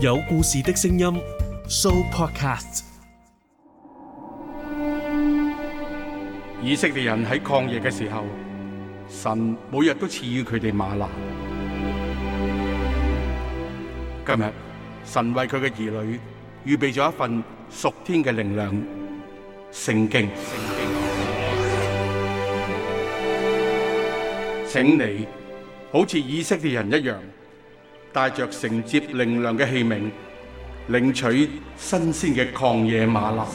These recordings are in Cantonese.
有故事的聲音，So Podcast。以色列人喺曠野嘅時候，神每日都賜予佢哋嗎哪。今日神為佢嘅兒女預備咗一份屬天嘅靈糧，聖經。請你好似以色列人一樣。帶着承接靈糧嘅器皿，領取新鮮嘅曠野嗎哪。馬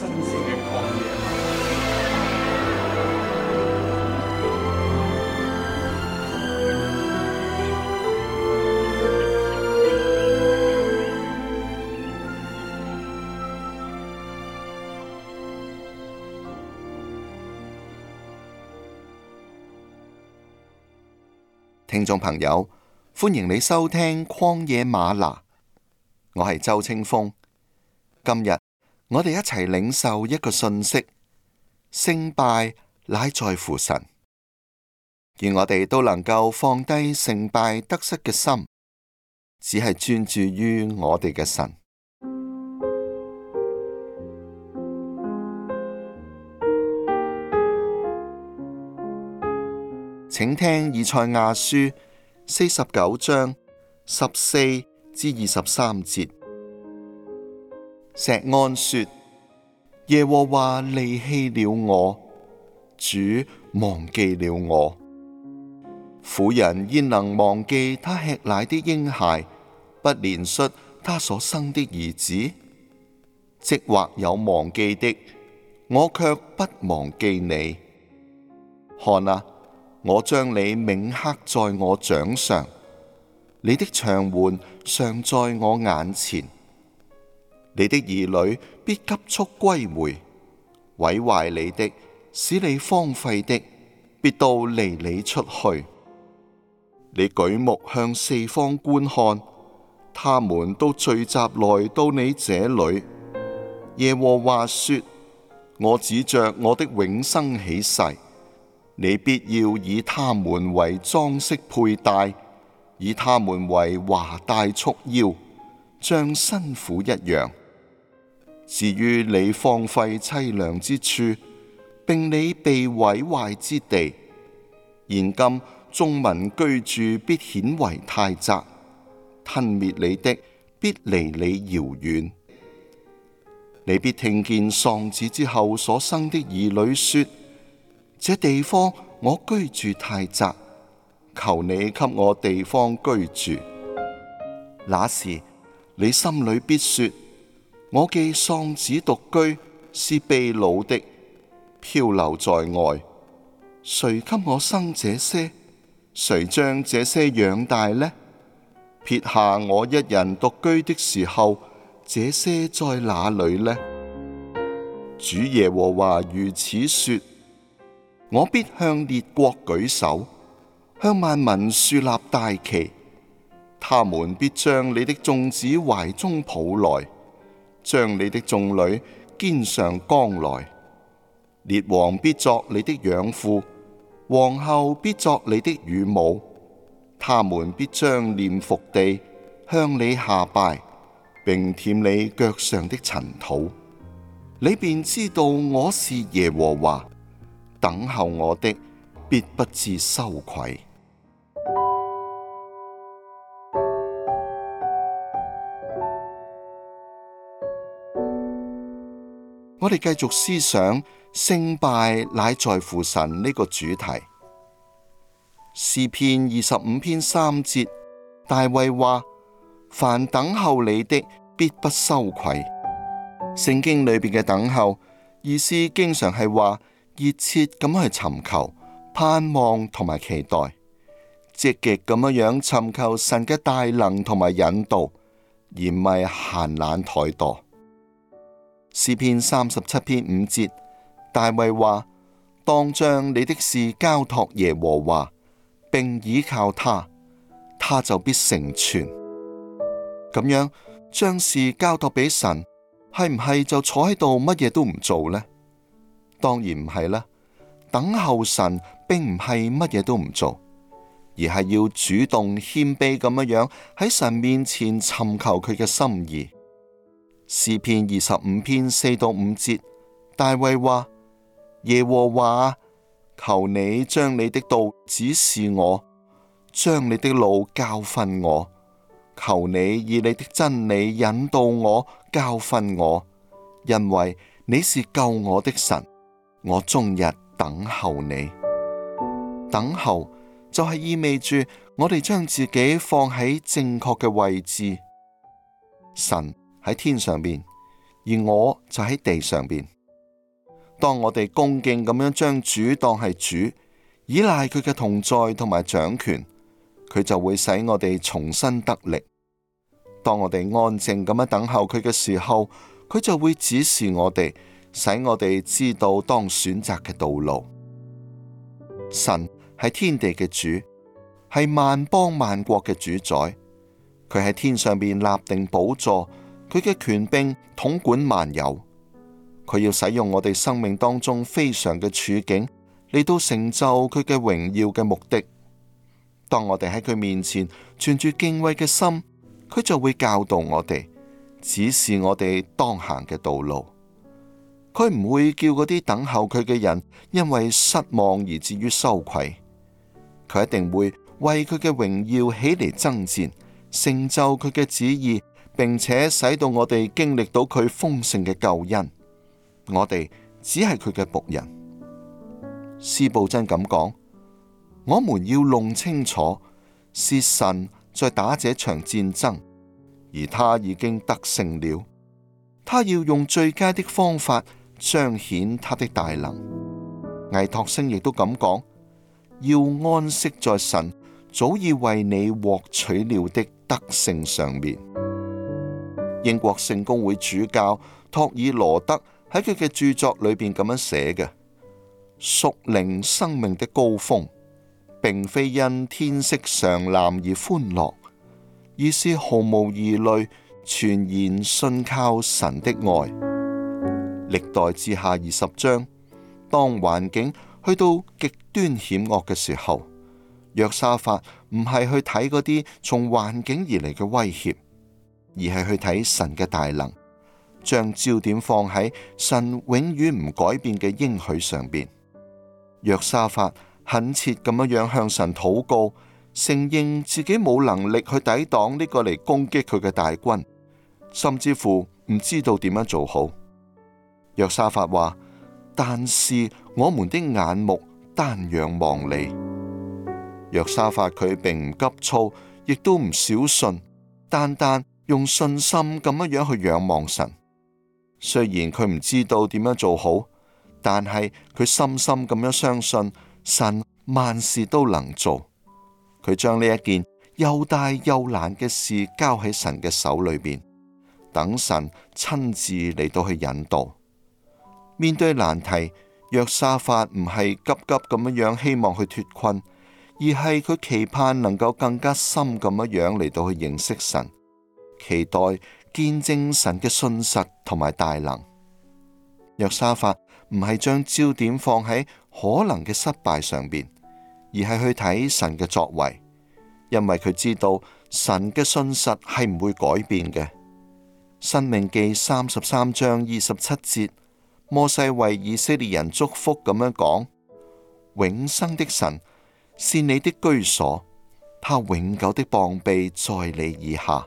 聽眾朋友。歡迎你收聽曠野嗎哪，我係周清風。今日我哋一齊領受一個信息：勝敗乃在乎神。而我哋都能夠放低勝敗得失嘅心，只係專注於我哋嘅神。請聽以賽亞書。四十九章十四至二十三節，錫安說：耶和華離棄了我，主忘記了我。婦人焉能忘記他吃奶的嬰孩，不憐恤他所生的兒子？即或有忘記的，我却不忘記你。看哪！我將你銘刻在我掌上，你的牆垣尚在我眼前，你的兒女必急速歸回，毀壞你的，使你荒廢的，必都離你出去。你舉目向四方觀看，他們都聚集來到你這裏。耶和華說：我指着我的永生起誓。你必要以他們為裝飾佩戴，以他們為華帶束腰，像新婦一樣。至於你荒廢淒涼之處，並你被毀壞之地，現今眾民居住必顯為太窄，吞滅你的必離你遙遠。你必聽見喪子之後所生的兒女說。這地方我居住太窄，求你給我地方居住。那時你心裏必說：我既喪子獨居，是被擄的，漂流在外，誰給我生這些？誰將這些養大呢？撇下我一人獨居的時候，這些在哪裏呢？主耶和華如此說。我必向列國舉手，向萬民豎立大旗。他們必將你的眾子懷中抱來，將你的眾女肩上扛來。列王必作你的養父，皇后必作你的乳母。他們必將臉伏地向你下拜，並舔你腳上的塵土。你便知道我是耶和華。等候我的必不致羞愧。 我哋繼續思想勝敗乃在乎神呢、這個主題。詩篇二十五篇三節，大衛話：凡等候你的必不羞愧。聖經裏邊嘅等候意思，經常係話。熱切咁去尋求、盼望同埋期待，積極咁樣尋求神嘅大能同埋引導，而唔係閒懶怠惰。詩篇三十七篇五節，大衛話：當將你的事交託耶和華，並倚靠他，他就必成全。咁樣將事交託俾神，係唔係就坐喺度乜嘢都唔做呢？當然唔係啦，等候神並唔係乜嘢都唔做，而係要主動謙卑咁樣喺神面前尋求佢嘅心意。詩篇二十五篇四到五節，大衛話：耶和華，求你將你的道指示我，將你的路教訓我。求你以你的真理引導我，教訓我，因為你是救我的神。我終日等候你，等候就係意味住我哋將自己放喺正確嘅位置。神喺天上邊，而我就喺地上邊。當我哋恭敬咁樣將主當係主，依賴佢嘅同在同埋掌權，佢就會使我哋重新得力。當我哋安靜咁樣等候佢嘅時候，佢就會指示我哋。使我哋知道當選擇嘅道路，神係天地嘅主，係萬邦萬國嘅主宰。佢喺天上邊立定寶座，佢嘅權柄統管萬有。佢要使用我哋生命當中非常嘅處境嚟到成就佢嘅榮耀嘅目的。當我哋喺佢面前存住敬畏嘅心，佢就會教導我哋，指示我哋當行嘅道路。佢唔會叫嗰啲等候佢嘅人因為失望而至於羞愧，佢一定會為佢嘅榮耀起嚟爭戰，成就佢嘅旨意，並且使到我哋經歷到佢豐盛嘅救恩。我哋只係佢嘅僕人。司布真咁講：我們要弄清楚是神在打這場戰爭，而他已經得勝了，他要用最佳的方法。彰顯他的大能，魏托星亦都咁講，要安息在神早已為你獲取了的德性上面。英國聖公會主教托爾羅德喺佢嘅著作裏邊咁樣寫嘅：屬靈生命的高峰，並非因天色常藍而歡樂，而是毫無疑慮全然信靠神的愛。歷代志下二十章，當環境去到極端險惡嘅時候，約沙法唔係去睇嗰啲從環境而嚟嘅威脅，而係去睇神嘅大能，將焦點放喺神永遠唔改變嘅應許上邊。約沙法懇切咁樣樣向神禱告，承認自己冇能力去抵擋呢個嚟攻擊佢嘅大軍，甚至乎唔知道點樣做好。約沙法話：但是我們的眼目單仰望你。約沙法佢並唔急躁，亦都唔小信，單單用信心咁樣樣去仰望神。雖然佢唔知道點樣做好，但係佢深深咁樣相信神萬事都能做。佢將呢一件又大又難嘅事交喺神嘅手裏邊，等神親自嚟到去引導。面對難題，約沙法唔係急急咁樣希望去脫困，而係佢期盼能夠更加深咁樣嚟到去認識神，期待見證神嘅信實同埋大能。約沙法唔係將焦點放喺可能嘅失敗上邊，而係去睇神嘅作為，因為佢知道神嘅信實係唔會改變嘅。申命記三十三章二十七節。摩西為以色列人祝福咁樣講：永生的神是你的居所，他永久的膀臂在你以下。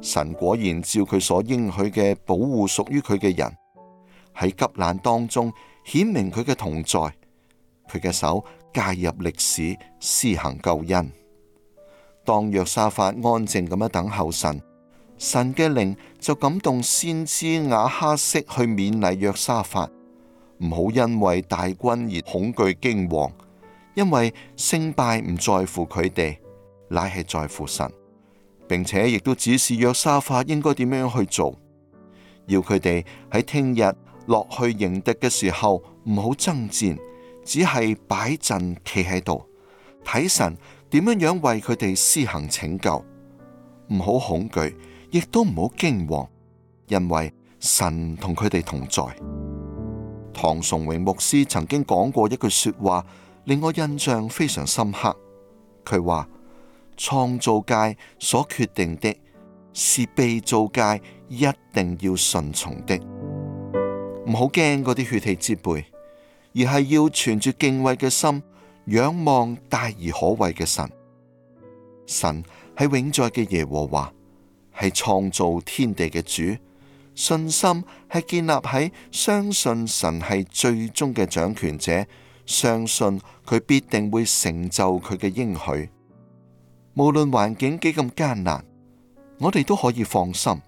神果然照佢所應許嘅保護屬於佢嘅人，喺急難當中顯明佢嘅同在，佢嘅手介入歷史施行救恩。當約沙法安靜咁樣等候神。神嘅靈就感動先知雅哈悉去勉勵約沙法，唔好因為大軍而恐懼驚惶，因為勝敗唔在乎佢哋，乃係在乎神，並且亦都指示約沙法應該點樣去做，要佢哋喺聽日落去迎敵嘅時候唔好爭戰，只係擺陣企喺度睇神點樣樣為佢哋施行拯救，唔好恐懼。亦都唔好驚惶，因為神同佢哋同在。唐崇榮牧師曾經講過一句說話，令我印象非常深刻。佢話：創造界所決定的，是被造界一定要順從的。唔好驚嗰啲血氣之輩，而係要存住敬畏嘅心，仰望大而可畏嘅神。神喺永在嘅耶和華。係創造天地嘅主，信心係建立喺相信神係最終嘅掌權者，相信佢必定會成就佢嘅應許。無論環境幾咁艱難，我哋都可以放心。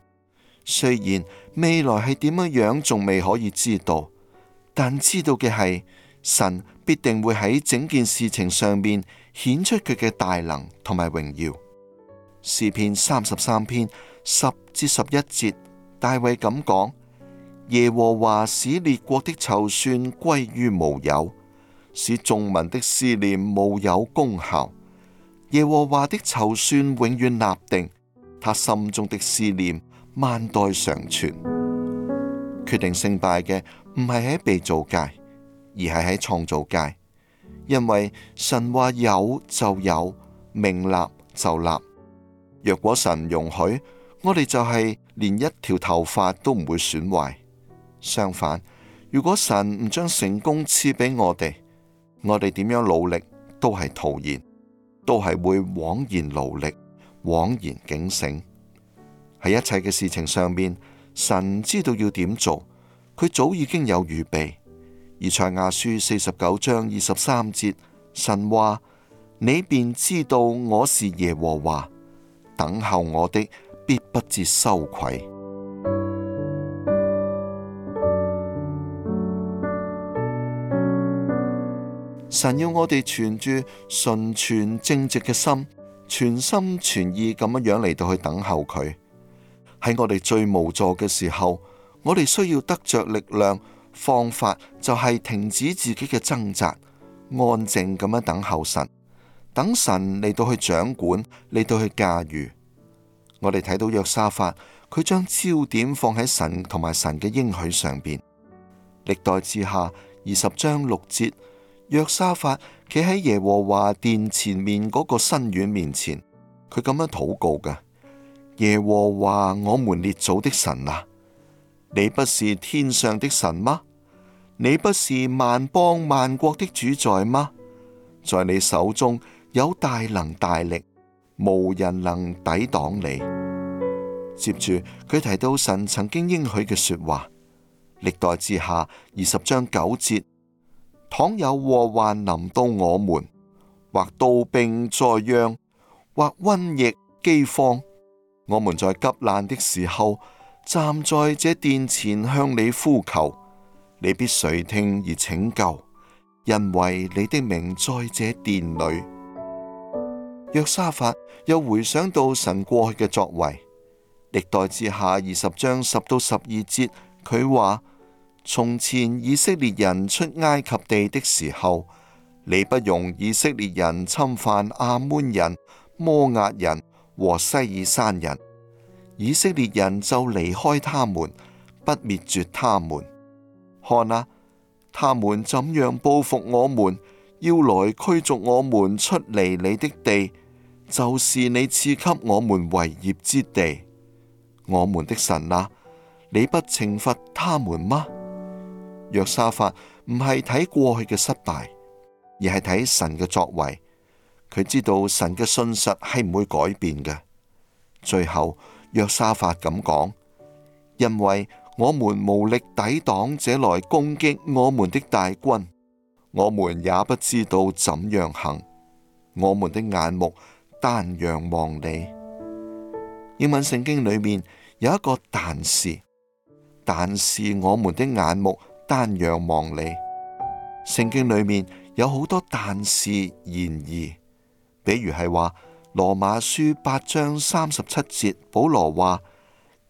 雖然未來係點樣樣仲未可以知道，但知道嘅係神必定會喺整件事情上面顯出佢嘅大能同埋榮耀。詩篇三十三篇十至十一節，大衛咁講：耶和華使列國的籌算歸於無有，使眾民的思念無有功效。耶和華的籌算永遠立定，他心中的思念萬代常存。決定勝敗嘅唔係喺被造界，而係喺創造界，因為神話有就有，命立就立。若果神容許，我哋就係連一條頭髮都唔會損壞。相反，如果神唔將成功賜俾我哋，我哋點樣努力都係徒然，都係會枉然勞力，枉然警醒。喺一切嘅事情上面，神知道要點做，佢早已經有預備。而賽亞書四十九章二十三節，神話你便知道我是耶和華。等候我的必不致羞愧。神要我哋存住純全正直嘅心，全心全意咁樣樣嚟到去等候佢。喺我哋最無助嘅時候，我哋需要得着力量，方法就係停止自己嘅掙扎，安靜咁樣等候神。等神嚟到去掌管，嚟到去駕馭。我哋睇到約沙法，佢將焦點放喺神同埋神嘅應許上邊。歷代志下二十章六節，約沙法企喺耶和華殿前面嗰個新院面前，佢咁樣禱告噶：耶和華，我們列祖的神啊，你不是天上的神嗎？你不是萬邦萬國的主宰嗎？在你手中。有大能大力，無人能抵擋你。接住佢提到神曾經應許嘅說話，歷代志下二十章九節：倘有禍患臨到我們，或刀兵災殃，或瘟疫饑荒，我們在急難的時候站在這殿前向你呼求，你必垂聽而拯救，因為你的名在這殿裏。若沙法又回想到神過去嘅作為，歷代志下二十章十到十二節，佢話：從前以色列人出埃及地的時候，你不容以色列人侵犯亞捫人、摩押人和西珥山人，以色列人就離開他們，不滅絕他們。看啦、啊，他們怎樣報復我們，要來驅逐我們出離你的地。就是你賜給我們為業之地，我們的神啊，你不懲罰他們嗎？約沙法唔係睇過去嘅失敗，而係睇神嘅作為。佢知道神嘅信實係唔會改變嘅。最後，約沙法咁講，因為我們無力抵擋這來攻擊我們的大軍，我們也不知道怎樣行，我們的眼目，單仰望你，英文聖經裏面有一個但是，但是我們的眼目單仰望你。聖經裏面有好多但是然而。比如係話羅馬書八章三十七節，保羅話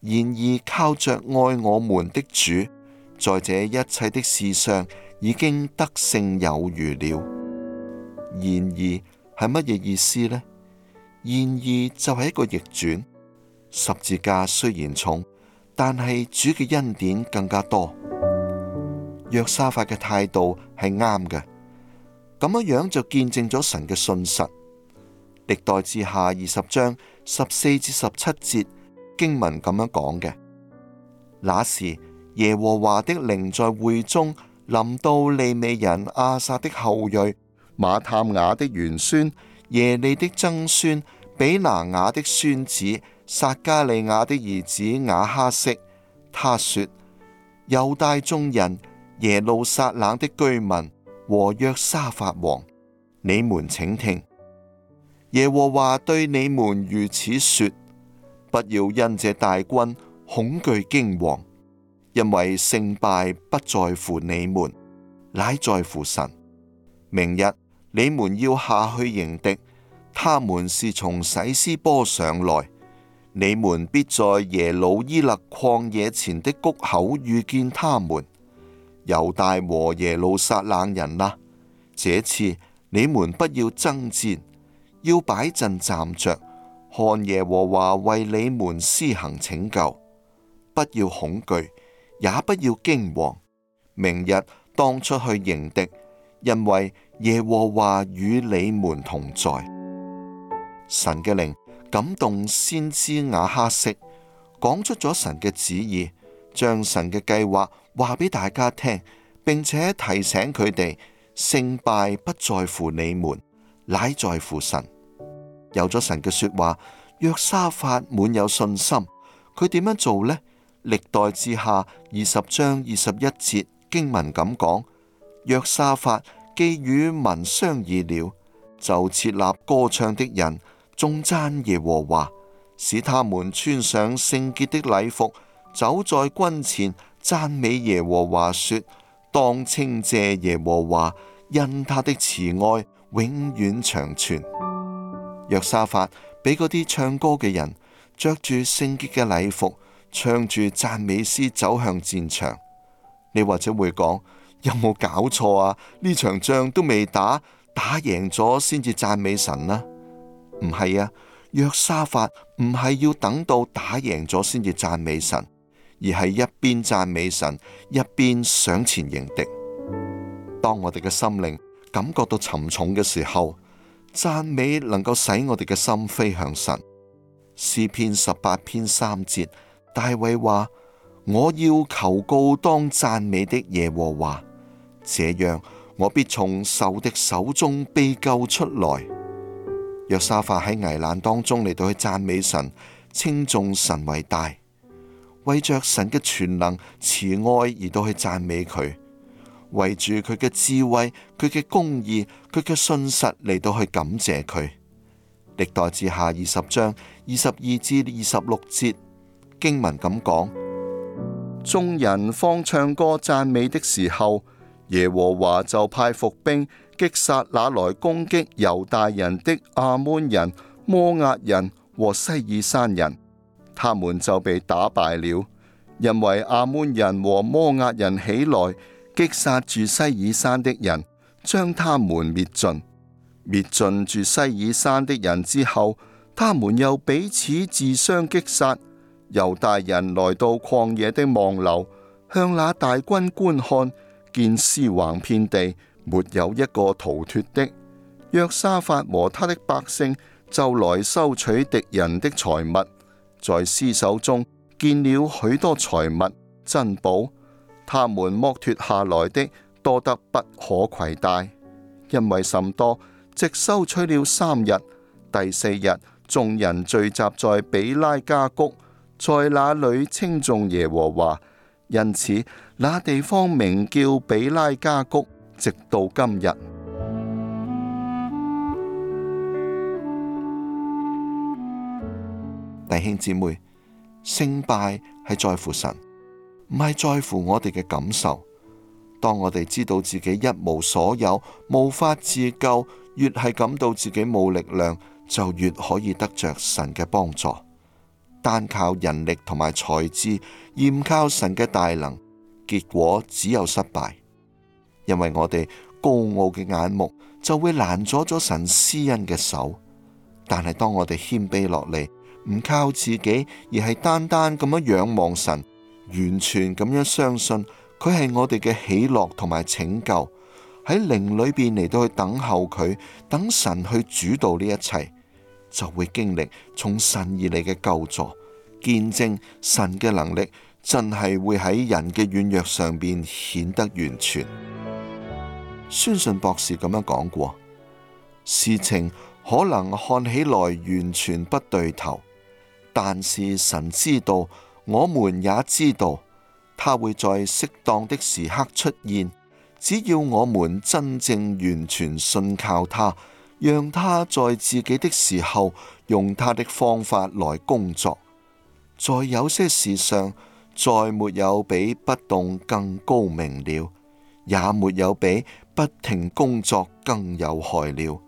然而靠着愛我們的主，在這一切的事上已經得勝有餘了。然而係乜嘢意思呢？然而就係一個逆轉，十字架雖然重，但係主嘅恩典更加多。約沙法嘅態度係啱嘅，咁樣樣就見證咗神嘅信實。歷代志下二十章十四至十七節經文咁樣講嘅，那時耶和華的靈在會中臨到利未人亞薩的後裔馬探雅的玄孫。耶利的曾孫比拿雅的孫子撒迦利雅的兒子雅哈悉，他說：猶大眾人耶路撒冷的居民和約沙法王，你們請聽，耶和華對你們如此說：不要因這大軍恐懼驚惶，因為勝敗不在乎你們，乃在乎神。明日。你們要下去迎敵，他們是從洗斯波上來，你們必在耶魯伊勒曠野前的谷口遇見他們。猶大和耶路撒冷人啊，這次你們不要爭戰，要擺陣站着，看耶和華為你們施行拯救，不要恐懼，也不要驚惶。明日當出去迎敵，因為。耶和華與你們同在，神嘅靈感動先知雅哈悉，講出咗神嘅旨意，將神嘅計劃話俾大家聽，並且提醒佢哋勝敗不在乎你們，乃在乎神。有咗神嘅說話，約沙法滿有信心。佢點樣做呢？歷代志下二十章二十一節經文咁講：約沙法。既與民商議了，就設立歌唱的人，頌讚耶和華，使他們穿上聖潔的禮服，走在軍前，讚美耶和華，說：當稱謝耶和華，因他的慈愛永遠長存。約沙法俾嗰啲唱歌嘅人着住聖潔嘅禮服，唱住讚美詩，走向戰場。你或者會講：有冇搞錯啊？呢場仗都未打，打贏咗先至讚美神啦？唔係啊，約沙法唔係要等到打贏咗先至讚美神，而係一邊讚美神一邊上前迎敵。當我哋嘅心靈感覺到沉重嘅時候，讚美能夠使我哋嘅心飛向神。詩篇十八篇三節，大衛話：我要求告當讚美的耶和華。這樣我必從仇敵的手中被救出來。約沙法喺危難當中嚟到去讚美神，稱頌神為大，為着神嘅全能、慈愛而到去讚美佢，為住佢嘅智慧、佢嘅公義、佢嘅信實嚟到去感謝佢。歷代志下二十章二十二至二十六節經文咁講：眾人方唱歌讚美的時候。耶和華就派伏兵擊殺那來攻擊猶大人的亞捫人、摩押人和西爾山人，他們就被打敗了。因為亞捫人和摩押人起來擊殺住西爾山的人，將他們滅盡。滅盡住西爾山的人之後，他們又彼此自相擊殺。猶大人來到曠野的望樓，向那大軍觀看。見屍橫遍地，沒有一個逃脱的。約沙法和他的百姓就來收取敵人的財物，在屍首中見了許多財物珍寶，他們剝脱下來的多得不可携帶，因為甚多，直收取了三日。第四日，眾人聚集在比拉加谷，在那裏稱頌耶和華。因此，那地方名叫比拉加谷，直到今日。弟兄姊妹，勝敗係在乎神，唔係在乎我哋嘅感受。當我哋知道自己一無所有，無法自救，越係感到自己冇力量，就越可以得着神嘅幫助。單靠人力同埋才智，而唔靠神嘅大能，結果只有失敗。因為我哋高傲嘅眼目，就會攔阻咗神施恩嘅手。但係當我哋謙卑落嚟，唔靠自己，而係單單咁樣仰望神，完全咁樣相信佢係我哋嘅喜樂同埋拯救，喺靈裏面嚟到去等候佢，等神去主導呢一切，就會經歷從神而嚟嘅救助，見證神嘅能力真係會喺人嘅軟弱上邊顯得完全。宣信博士咁樣講過，事情可能看起來完全不對頭，但是神知道，我們也知道，他會在適當的時刻出現，只要我們真正完全信靠他。讓他在自己的時候，用他的方法來工作，在有些事上，再沒有比不動更高明了，也沒有比不停工作更有害了。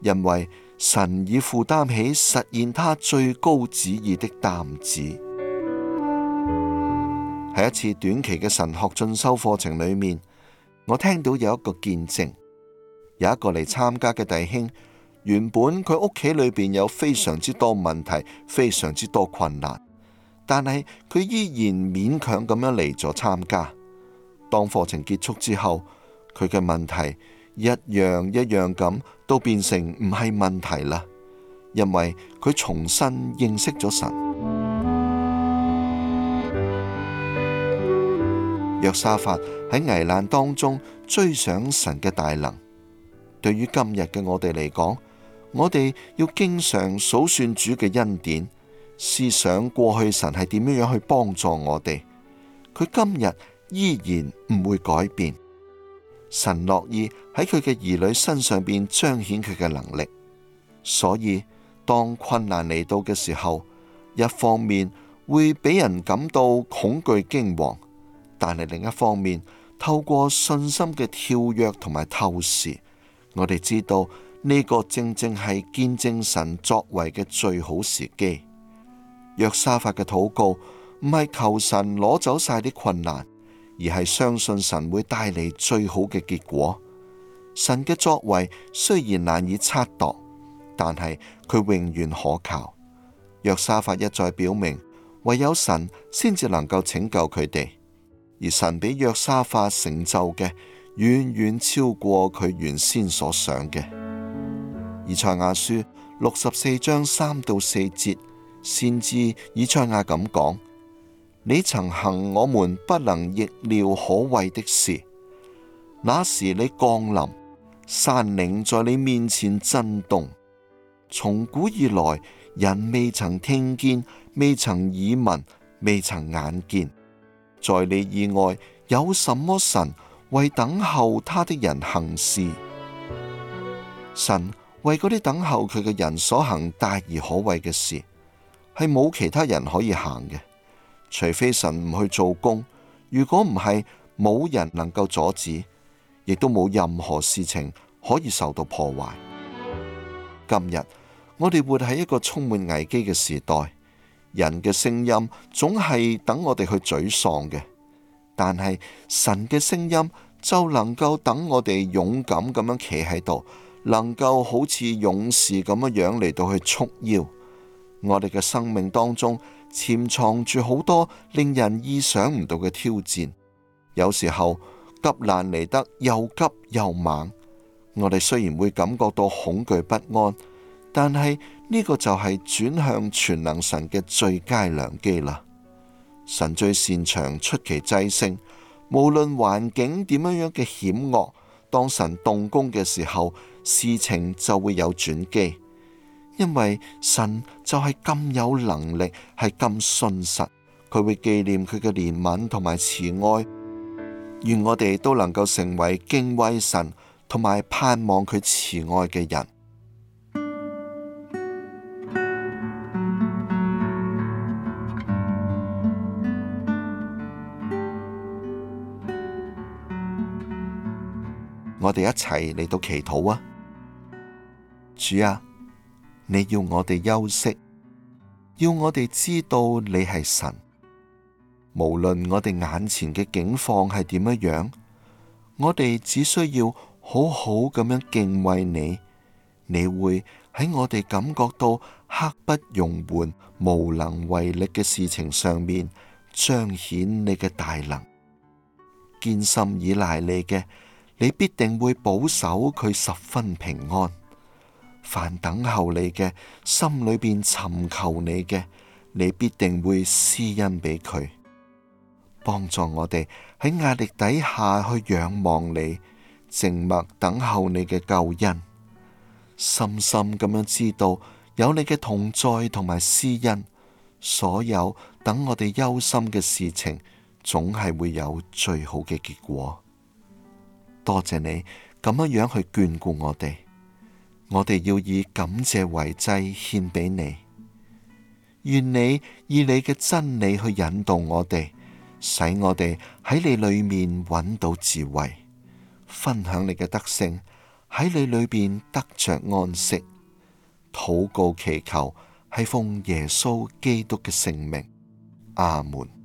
因為神已負擔起實現他最高旨意的擔子。喺一次短期嘅神學進修課程裏面，我聽到有一個見證。有一個嚟參加嘅弟兄，原本佢屋企裏邊有非常之多問題，非常之多困難，但係佢依然勉強咁樣嚟咗參加。當課程結束之後，佢嘅問題一樣一樣咁都變成唔係問題啦，因為佢重新認識咗神。約沙法喺危難當中追上神嘅大能。對於今日嘅我哋嚟講，我哋要經常數算主嘅恩典，思想過去神係點樣樣去幫助我哋。佢今日依然唔會改變，神樂意喺佢嘅兒女身上邊彰顯佢嘅能力。所以當困難嚟到嘅時候，一方面會俾人感到恐懼驚惶，但係另一方面透過信心嘅跳躍同埋透視。我哋知道呢個正正係見證神作為嘅最好時機。約沙法嘅禱告唔係求神攞走晒啲困難，而係相信神會帶嚟最好嘅結果。神嘅作為雖然難以測度，但係佢永遠可靠。約沙法一再表明，唯有神先至能夠拯救佢哋，而神俾約沙法成就嘅。遠遠超過佢原先所想嘅。以賽亞書六十四章三到四節，先至以賽亞咁講：「你曾行我們不能逆料可畏的事。那時你降臨，山嶺在你面前震動，從古以來人未曾聽見，未曾耳聞，未曾眼見，在你以外有什麼神？為等候他的人行事，神為嗰啲等候佢嘅人所行大而可畏嘅事，係冇其他人可以行嘅，除非神唔去做工。如果唔係，冇人能夠阻止，亦都冇任何事情可以受到破壞。今日我哋活喺一個充滿危機嘅時代，人嘅聲音總係等我哋去沮喪嘅。但係神嘅聲音就能夠等我哋勇敢咁樣企喺度，能夠好似勇士咁樣樣嚟到去束腰。我哋嘅生命當中潛藏住好多令人意想唔到嘅挑戰，有時候急難嚟得又急又猛，我哋雖然會感覺到恐懼不安，但係呢個就係轉向全能神嘅最佳良機啦。神最擅長出奇制勝，無論環境點樣樣嘅險惡，當神動工嘅時候，事情就會有轉機，因為神就係咁有能力，係咁信實，佢會紀念佢嘅憐憫同埋慈愛。願我哋都能夠成為敬畏神同埋盼望佢慈愛嘅人。我哋一齊嚟到祈禱啊！主啊，你要我哋休息，要我哋知道你係神。無論我哋眼前嘅境況係點樣樣，我哋只需要好好咁樣敬畏你。你會喺我哋感覺到刻不容緩、無能為力嘅事情上面，彰顯你嘅大能，堅心倚賴你嘅。你必定會保守佢十分平安，凡等候你嘅，心裏邊尋求你嘅，你必定會施恩俾佢，幫助我哋喺壓力底下去仰望你，靜默等候你嘅救恩，深深咁樣知道有你嘅同在同埋施恩，所有等我哋憂心嘅事情，總係會有最好嘅結果。多謝你咁樣去眷顧我哋，我哋要以感謝為祭獻俾你。願你以你嘅真理去引導我哋，使我哋喺你裏面揾到智慧，分享你嘅德性，喺你裏邊得着安息。禱告祈求係奉耶穌基督嘅聖名。阿門。